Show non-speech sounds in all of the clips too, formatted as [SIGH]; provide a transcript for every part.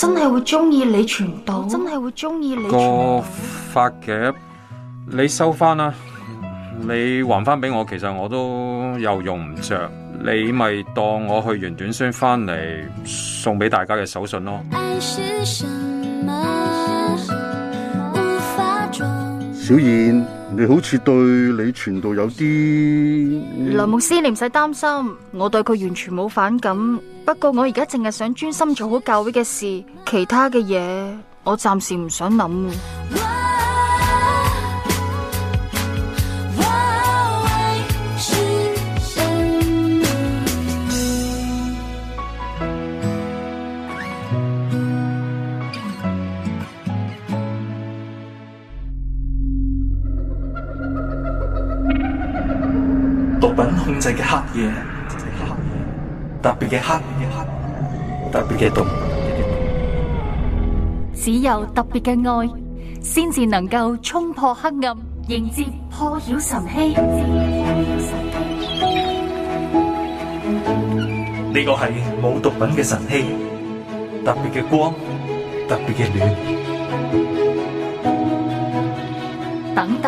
.真係會中意你全部，真係會中意你全部。個髮夾你收翻啦，你還翻俾我。其實我都又用唔着，你咪當我去完短宣翻嚟送俾大家嘅手信咯。小燕，你好似對你傳道有啲……羅牧師，你唔使擔心，我對佢完全冇反感。不過我而家淨係想專心做好教會嘅事，其他嘅嘢我暫時唔想諗。毒品控制嘅黑夜，特別嘅黑嘅黑，特別嘅毒嘅毒。只有特別嘅愛，先至能夠衝破黑暗，迎接破曉晨曦。呢個係冇毒品嘅晨曦，特別嘅光，特別嘅暖。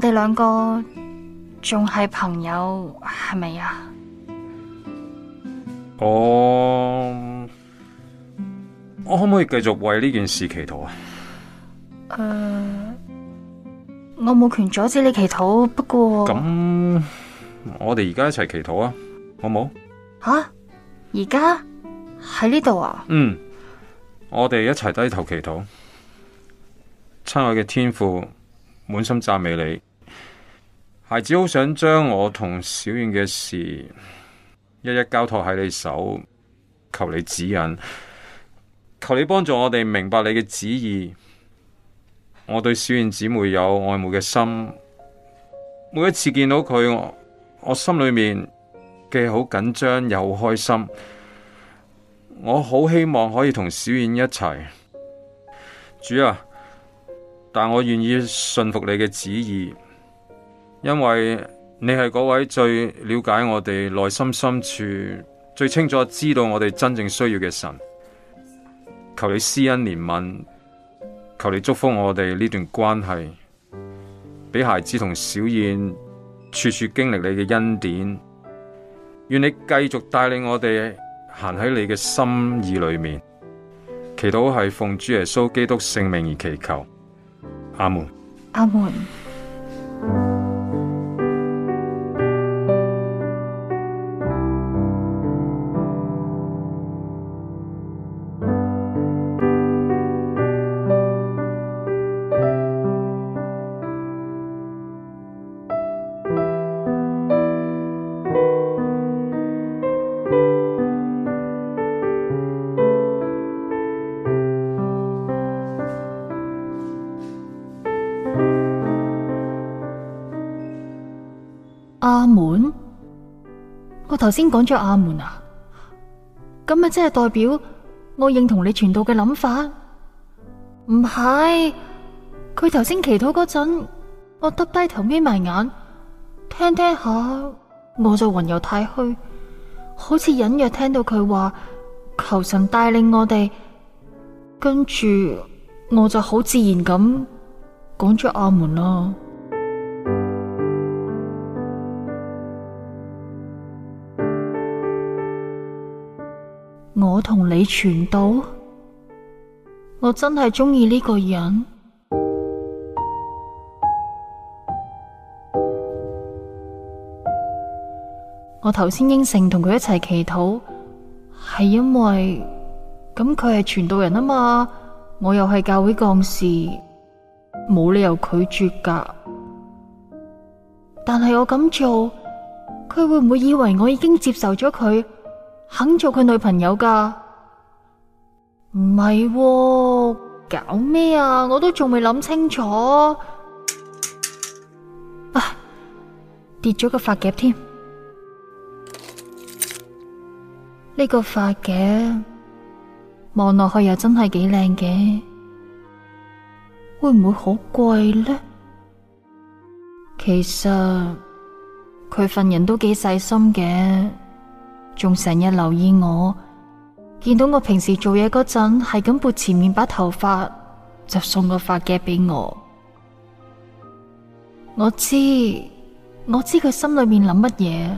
我哋兩個仲係朋友係咪啊？我我可唔可以繼續為呢件事祈禱啊？誒、呃，我冇權阻止你祈禱，不過咁，我哋而家一齊祈禱啊，好冇？吓，而家喺呢度啊？嗯，我哋一齊低頭祈禱，親愛嘅天父，滿心讚美你。孩子，好想將我同小燕嘅事，一一交託喺你手，求你指引，求你幫助我哋明白你嘅旨意。我對小燕姊妹有愛慕嘅心，每一次見到佢，我心裏面既好緊張又好開心。我好希望可以同小燕一齊，主啊！但我願意信服你嘅旨意。因為你係嗰位最了解我哋內心深處、最清楚知道我哋真正需要嘅神，求你施恩憐憫，求你祝福我哋呢段關係，俾孩子同小燕處處經歷你嘅恩典。願你繼續帶領我哋行喺你嘅心意裏面。祈禱係奉主耶穌基督聖名而祈求，阿門。阿門。頭先講咗阿門啊，咁咪即係代表我認同你傳道嘅諗法？唔係，佢頭先祈禱嗰陣，我耷低頭眯埋眼聽聽下，我就魂遊太虛，好似隱約聽到佢話求神帶領我哋，跟住我就好自然咁講咗阿門咯，啊。我同你傳道，我真係中意呢個人。 [MUSIC] 我頭先應承同佢一齊祈禱，係因為咁，佢係傳道人啊嘛，我又係教會幹事，冇理由拒絕噶。但係我咁做，佢會唔會以為我已經接受咗佢？肯做佢女朋友噶？唔係喎，搞咩啊？我都仲未諗清楚啊。啊！跌咗個髮夾添，呢個髮夾望落去又真係幾靚嘅，會唔會好貴呢？其實佢份人都幾細心嘅。仲成日留意我，見到我平時做嘢嗰陣係咁撥前面把頭髮，就送個髮夾俾我。我知，我知佢心裏面諗乜嘢，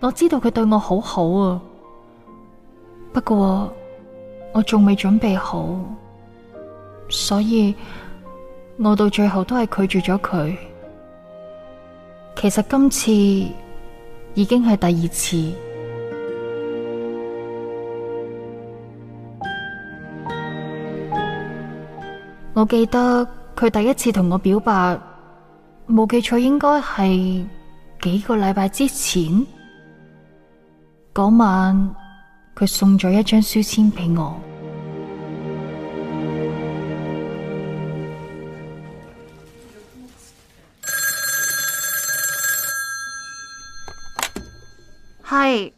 我知道佢對我好好啊。不過我仲未準備好，所以我到最後都係拒絕咗佢。其實今次已經係第二次。我記得佢第一次同我表白，冇記錯應該係幾個禮拜之前。嗰晚，佢送咗一張書籤俾我。係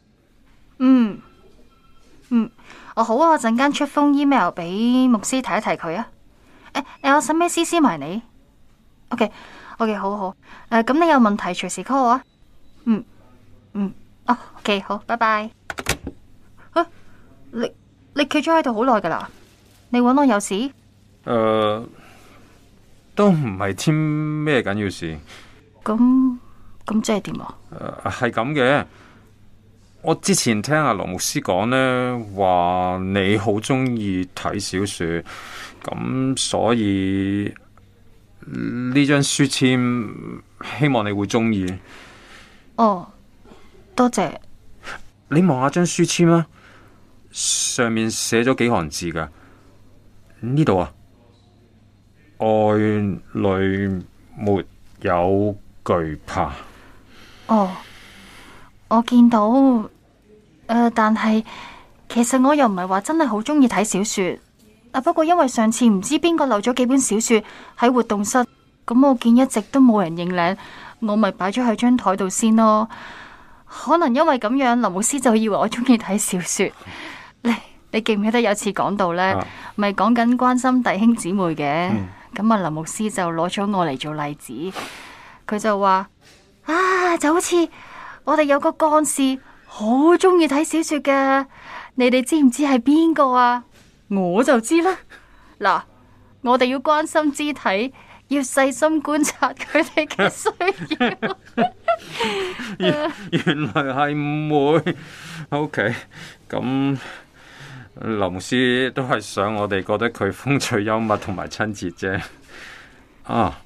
嗯嗯，哦，好啊，我陣間出封 email 俾牧師提一提佢啊。誒、啊，我使咩私私埋你？OK，OK，okay, okay, 好好。誒，咁、啊、你有問題隨時 call 我。嗯嗯，哦、啊，OK，好，拜拜。你你企咗喺度好耐噶啦，你搵我有事？誒、呃，都唔係簽咩緊要事。咁咁、嗯嗯嗯、即係點啊？誒、呃，係咁嘅。我之前聽阿羅牧師講呢，話你好鍾意睇小說，咁所以呢張書籤希望你會鍾意。哦，多謝。你望下張書籤啦，上面寫咗幾行字噶。呢度啊，愛裏沒有懼怕。哦。我見到誒、呃，但係其實我又唔係話真係好中意睇小說啊。不過因為上次唔知邊個漏咗幾本小說喺活動室，咁我見一直都冇人認領，我咪擺咗喺張台度先咯。可能因為咁樣，林牧師就以為我中意睇小說。你你記唔記得有次講到呢？咪、啊、講緊關心弟兄姊妹嘅？咁啊、嗯，林牧師就攞咗我嚟做例子，佢就話啊，就好似。我哋有個幹事好鍾意睇小說㗎，你哋知唔知係邊個啊？我就知啦。嗱，我哋要關心肢體，要細心觀察佢哋嘅需要。原來係唔會。OK，咁林牧師都係想我哋覺得佢風趣幽默同埋親切啫。啊，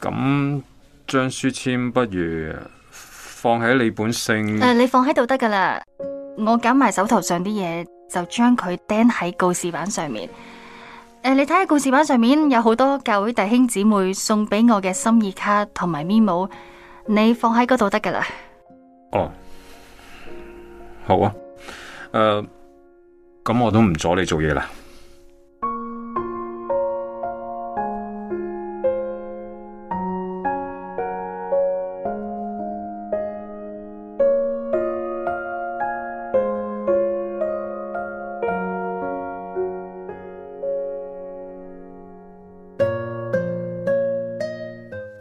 咁張書簽不如。放喺你本性。誒、啊，你放喺度得噶啦。我揀埋手頭上啲嘢，就將佢釘喺告示板上面。誒、啊，你睇下告示板上面有好多教會弟兄姊妹送俾我嘅心意卡同埋咪帽，你放喺嗰度得噶啦。哦、啊，好啊，誒、啊，咁我都唔阻你做嘢啦。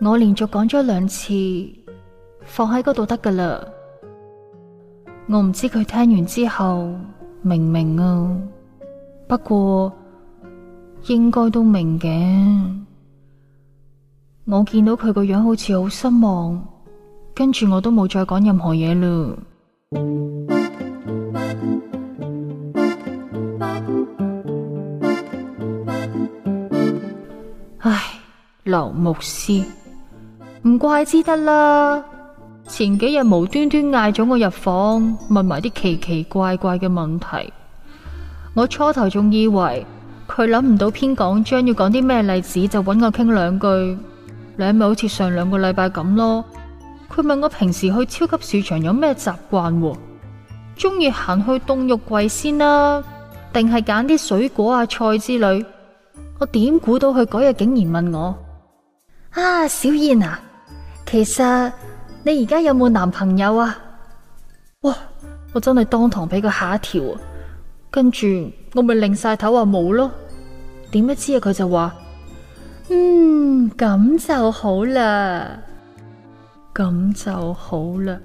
我連續講咗兩次，放喺嗰度得噶啦。我唔知佢聽完之後明唔明啊，不過應該都明嘅。我見到佢個樣好似好失望，跟住我都冇再講任何嘢啦。唉，劉牧師。唔怪之得啦！前幾日無端端嗌咗我入房，問埋啲奇奇怪怪嘅問題。我初頭仲以為佢諗唔到篇講章要講啲咩例子，就揾我傾兩句，兩咪好似上兩個禮拜咁咯。佢問我平時去超級市場有咩習慣，中意行去凍肉櫃先啦、啊，定係揀啲水果啊菜之類？我點估到佢嗰日竟然問我啊，小燕啊！.其實你而家有冇男朋友啊？哇！我真係當堂俾佢嚇一跳啊！跟住我咪擰晒頭話冇咯。點不知啊？佢就話：嗯，咁就好啦，咁就好啦。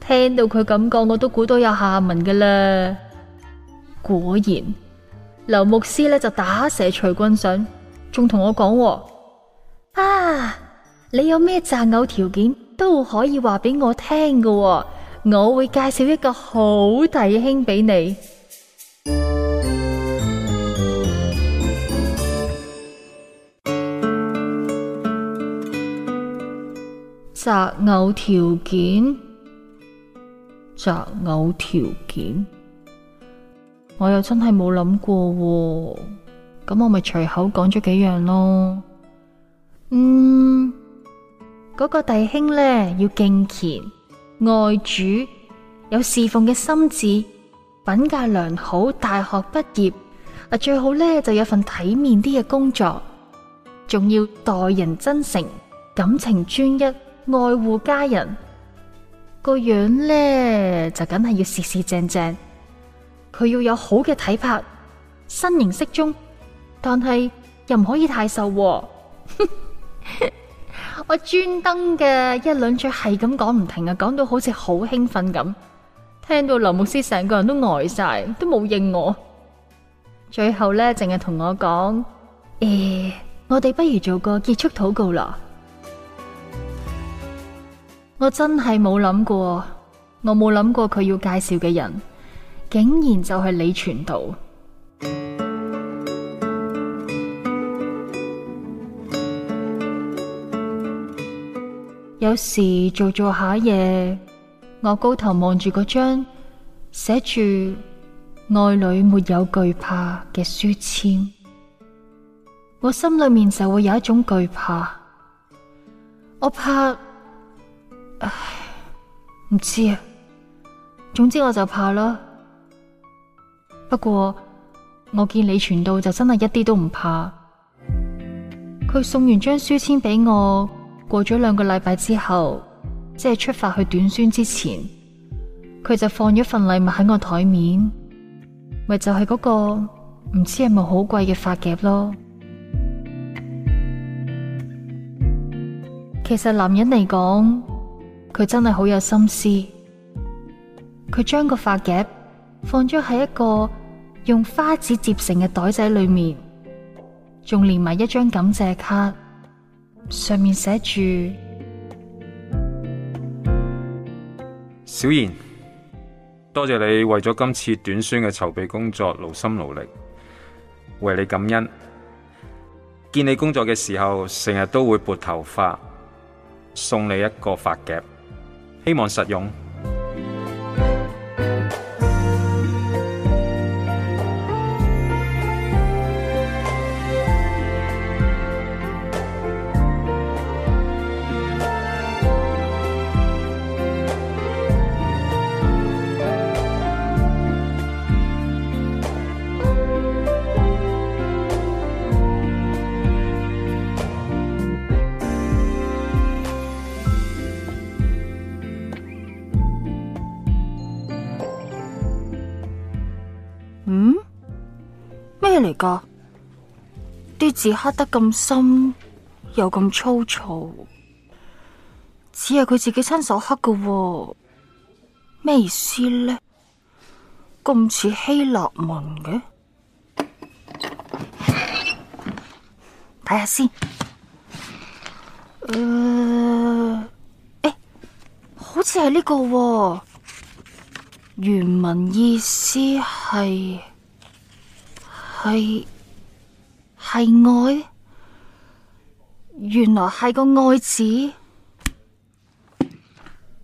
聽到佢咁講，我都估到有下文㗎啦。果然，劉牧師咧就打蛇隨棍上，仲同我講、啊：啊！你有咩擇偶條件都可以話俾我聽㗎，我會介紹一個好弟兄俾你。擇偶條件，擇偶條件，我又真係冇諗過，咁我咪隨口講咗幾樣咯。嗯。嗰個弟兄咧要敬虔、愛主、有侍奉嘅心志、品格良好、大學畢業，嗱，最好咧就有份體面啲嘅工作，仲要待人真誠、感情專一、愛護家人。個樣咧就梗係要四四正正，佢要有好嘅體魄、身形適中，但係又唔可以太瘦喎。 [LAUGHS] 我專登嘅一輪嘴係咁講唔停啊，講到好似好興奮咁，聽到林牧師成個人都呆晒，都冇應我。最後咧，淨係同我講：誒、欸，我哋不如做個結束禱告啦。我真係冇諗過，我冇諗過佢要介紹嘅人，竟然就係李傳道。有時做做下嘢，我高頭望住嗰張寫住愛女沒有懼怕嘅書簽，我心裏面就會有一種懼怕。我怕，唉，唔知啊。總之我就怕啦。不過我見李傳道就真係一啲都唔怕。佢送完張書簽俾我。過咗兩個禮拜之後，即係出發去短宣之前，佢就放咗份禮物喺我台面，咪就係、是、嗰個唔知係咪好貴嘅髮夾咯。其實男人嚟講，佢真係好有心思，佢將個髮夾放咗喺一個用花紙疊成嘅袋仔裏面，仲連埋一張感謝卡。上面寫住，小賢，多謝你為咗今次短宣嘅籌備工作勞心勞力，為你感恩。見你工作嘅時候，成日都會撥頭髮，送你一個髮夾，希望實用。啲字刻得咁深又咁粗糙，只係佢自己親手刻㗎喎，咩意思呢？咁似希臘文嘅，睇下先。呃。誒，好似係呢個喎。原文意思係係。係愛，原來係個愛字，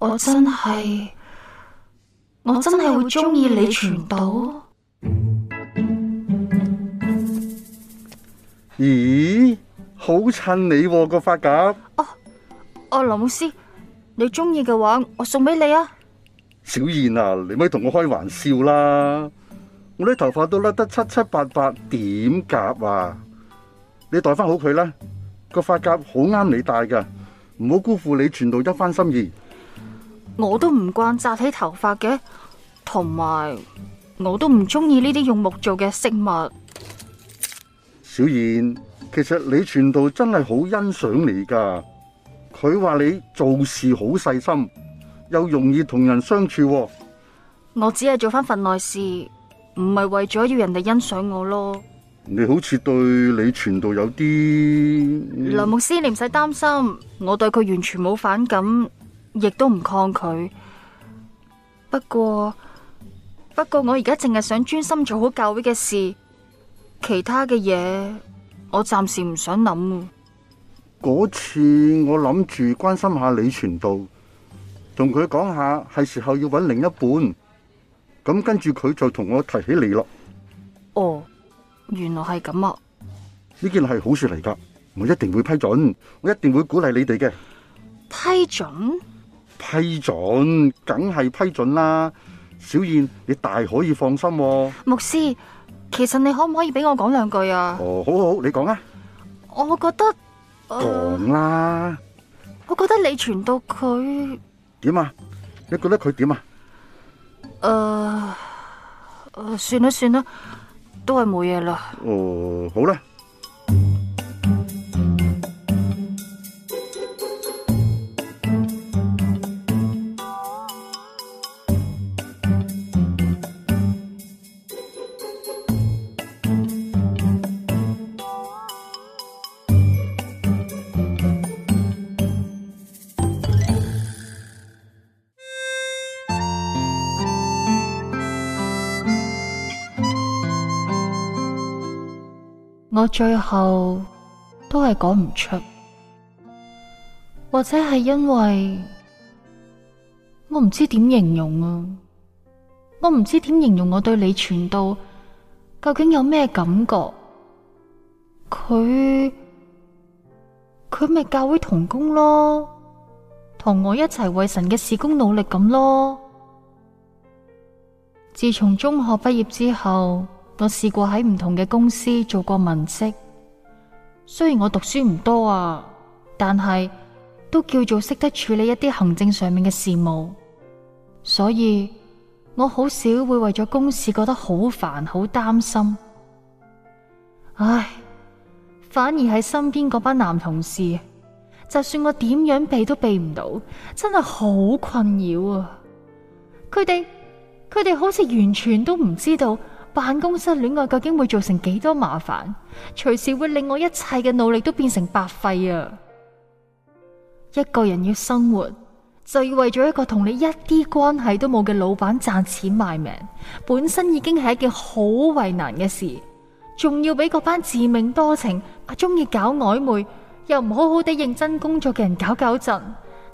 我真係，我真係會中意你傳道。咦，好襯你個髮夾。哦，林、啊啊、老師，你中意嘅話，我送俾你啊。小燕啊，你咪同我開玩笑啦，我啲頭髮都甩得七七八八，點夾啊？你，你戴翻好佢啦，個髮夾好啱你戴噶，唔好辜負你傳道一番心意。我都唔慣紮起頭髮嘅，同埋我都唔中意呢啲用木做嘅飾物。小燕，其實你傳道真係好欣賞你噶，佢話你做事好細心，又容易同人相處，啊。我只係做翻份內事，唔係為咗要人哋欣賞我咯。你好似對李傳道有啲……劉牧師，你唔使擔心，我對佢完全冇反感，亦都唔抗拒。不過，不過我而家淨係想專心做好教會嘅事，其他嘅嘢我暫時唔想諗。嗰次我諗住關心下李傳道，同佢講下係時候要搵另一半，咁跟住佢就同我提起你咯。哦。.原來係咁啊！呢件係好事嚟噶，我一定會批准，我一定會鼓勵你哋嘅。批准？批准，梗係批准啦！小燕，你大可以放心啊。牧師，其實你可唔可以俾我講兩句啊？哦，好好好，你講啊！我覺得講啦。呃、吧我覺得你傳到佢點啊？你覺得佢點啊？誒、呃呃，算啦，算啦。算啦。都係冇嘢啦。哦、嗯，好啦。我最後都係講唔出，或者係因為我唔知點形容啊！我唔知點形容我對李傳道究竟有咩感覺？佢佢咪教會同工咯，同我一齊為神嘅事工努力咁咯。自從中學畢業之後。我試過喺唔同嘅公司做過文職，雖然我讀書唔多啊，但係都叫做識得處理一啲行政上面嘅事務，所以我好少會為咗公事覺得好煩，好擔心。唉，反而喺身邊嗰班男同事，就算我點樣避都避唔到，真係好困擾啊！佢哋，佢哋好似完全都唔知道。辦公室戀愛究竟會造成幾多麻煩？隨時會令我一切嘅努力都變成白費啊！一個人要生活，就要為咗一個同你一啲關係都冇嘅老闆賺錢賣命，本身已經係一件好為難嘅事，仲要俾嗰班自命多情、啊、中意搞曖昧又唔好好地認真工作嘅人搞搞震，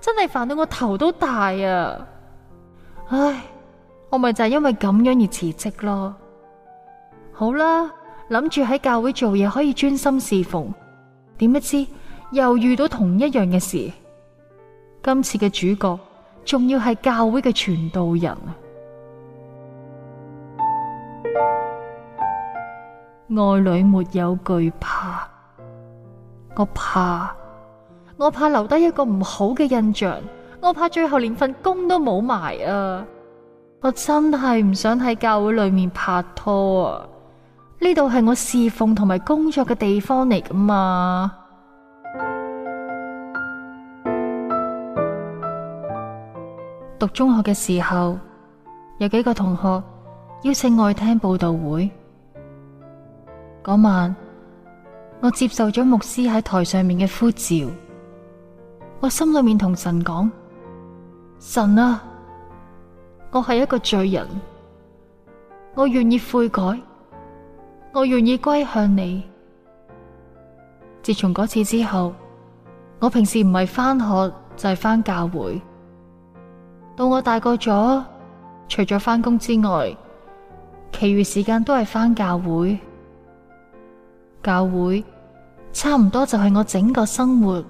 真係煩到我頭都大啊！唉，我咪就係因為咁樣而辭職咯。好啦，諗住喺教會做嘢，可以專心侍奉，點不知又遇到同一樣嘅事。今次嘅主角仲要係教會嘅傳道人啊！ [NOISE] 愛裏沒有懼怕，我怕，我怕留低一個唔好嘅印象，我怕最後連份工都冇埋啊！我真係唔想喺教會裏面拍拖啊！呢度係我侍奉同埋工作嘅地方嚟噶嘛？讀中學嘅時候，有幾個同學邀請我聽布道會。嗰晚，我接受咗牧師喺台上面嘅呼召，我心裏面同神講：神啊，我係一個罪人，我願意悔改。我願意歸向你。自從嗰次之後，我平時唔係翻學就係翻教會。到我大個咗，除咗翻工之外，其餘時間都係翻教會。教會差唔多就係我整個生活、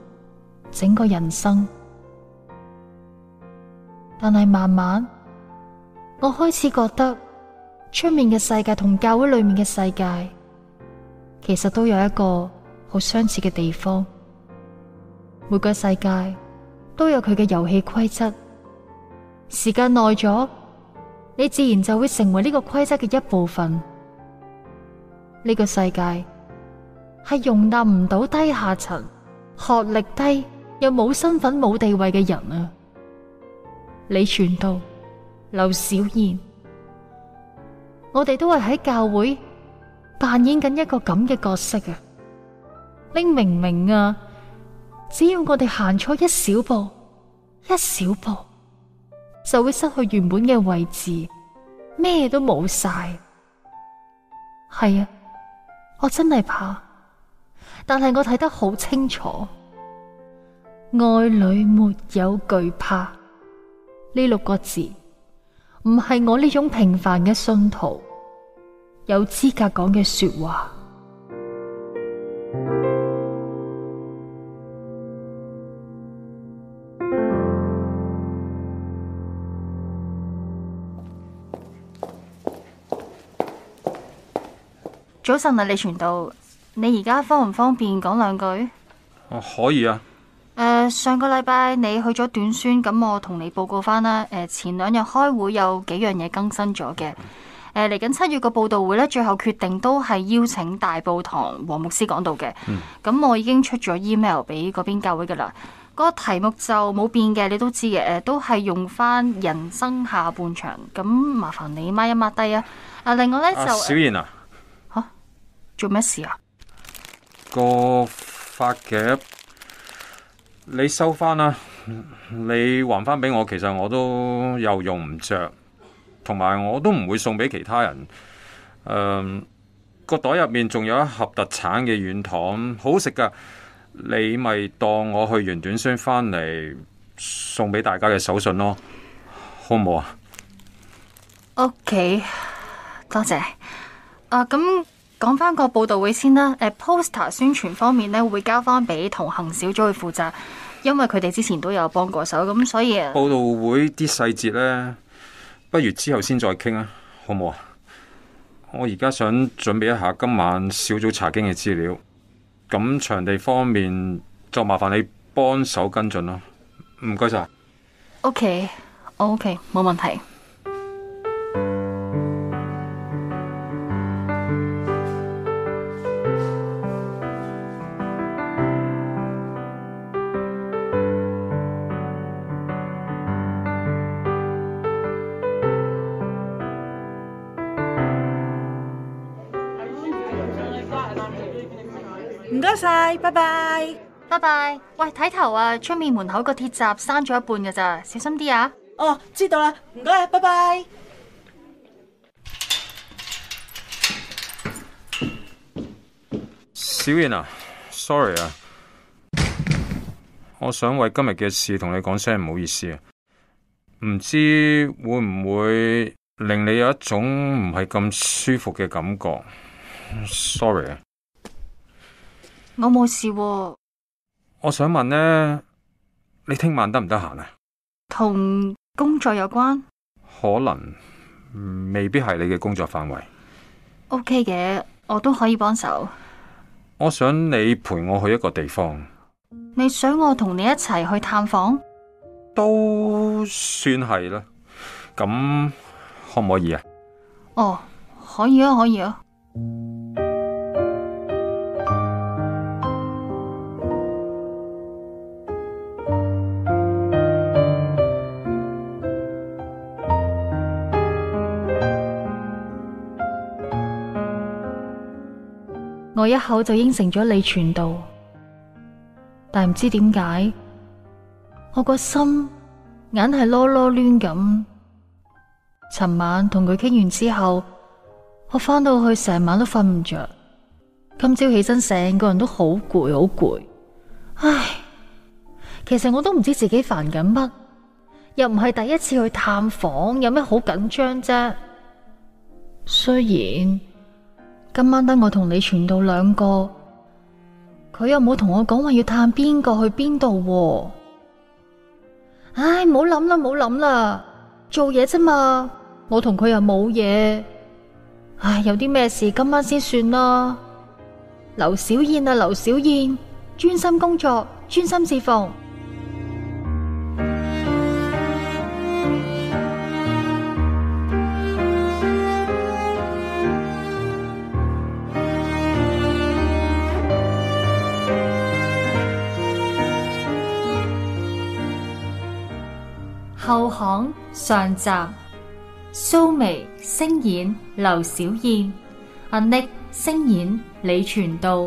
整個人生。但係慢慢，我開始覺得，出面嘅世界同教會裏面嘅世界，其實都有一個好相似嘅地方。每個世界都有佢嘅遊戲規則，時間耐咗，你自然就會成為呢個規則嘅一部分。呢個世界係容納唔到低下層、學歷低又冇身份冇地位嘅人啊！李傳道、劉小燕。我哋都係喺教會扮演緊一個咁嘅角色啊！你明明啊，只要我哋行錯一小步、一小步，就會失去原本嘅位置，咩都冇晒。係啊，我真係怕，但係我睇得好清楚，愛裡沒有懼怕呢六個字。唔係我呢種平凡嘅信徒，有資格講嘅說話。早晨啊，李傳道，你而家方唔方便講兩句？哦，可以啊。誒，上個禮拜你去咗短宣，咁我同你報告翻啦。誒，前兩日開會有幾樣嘢更新咗嘅。誒，嚟緊七月嘅佈道會咧，最後決定都係邀請大埔堂黃牧師講道嘅。嗯，咁我已經出咗 email 俾嗰邊教會噶啦。嗰個題目就冇變嘅，你都知嘅。誒，都係用翻人生下半場。咁麻煩你抹一抹低啊。啊，另外咧就小燕啊，吓，做咩事啊？個髮夾。你收翻啦，你還翻俾我，其實我都又用唔着，同埋我都唔會送俾其他人。誒、嗯，個袋入面仲有一盒特產嘅軟糖，好食㗎。你咪當我去完短宣翻嚟送俾大家嘅手信咯，好唔好啊？OK，多謝。啊，咁。講翻個報道會先啦，誒，poster 宣傳方面咧會交翻俾同行小組去負責，因為佢哋之前都有幫過手，咁所以報道會啲細節咧，不如之後先再傾啊，好唔好啊？我而家想準備一下今晚小組查經嘅資料，咁場地方面就麻煩你幫手跟進咯，唔該晒。OK，OK，、okay, okay, 冇問題。拜拜，拜拜。喂，睇頭啊，出面門口個鐵閘閂咗一半㗎咋，小心啲啊。哦，oh, 知道啦，唔該，拜拜。小燕啊，sorry 啊，我想為今日嘅事同你講聲唔好意思啊，唔知會唔會令你有一種唔係咁舒服嘅感覺。Sorry 啊。我冇事、哦，我想問呢，你聽晚得唔得閒啊？同工作有關，可能未必係你嘅工作範圍。OK 嘅，我都可以幫手。我想你陪我去一個地方。你想我同你一齊去探訪？都算係啦。咁可唔可以啊？哦，可以啊，可以啊。我一口就應承咗李傳道，但唔知點解，我個心硬係囉囉攣咁。尋晚同佢傾完之後，我返到去成晚都瞓唔着。今朝起身，成個人都好攰，好攰。唉，其實我都唔知自己煩緊乜，又唔係第一次去探訪，有咩好緊張啫？雖然。今晚得我同你傳道兩個，佢又冇同我講話要探邊個去邊度喎。唉，唔好諗，啦唔好諗啦，做嘢啫嘛。我同佢又冇嘢。唉，有啲咩事今晚先算啦。劉小燕啊，劉小燕，專心工作，專心侍奉。後巷上集，蘇眉聲演劉小燕，阿 Nik 聲演李全道，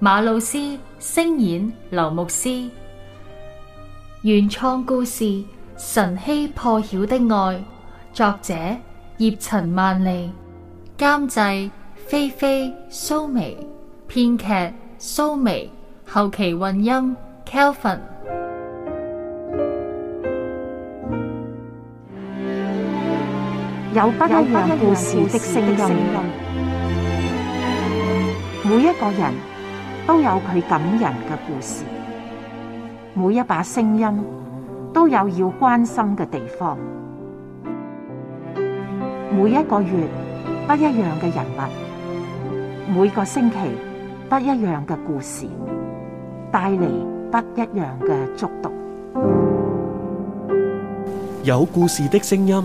馬老師聲演劉牧師。原創故事《晨曦破曉的愛》，作者葉陳萬利，監製菲菲，蘇眉，編劇蘇眉，後期混音 Kelvin。有不一樣故事的聲音，每一個人都有佢感人嘅故事，每一把聲音都有要關心嘅地方，每一個月不一樣嘅人物，每個星期不一樣嘅故事，帶嚟不一樣嘅觸動。有故事的聲音。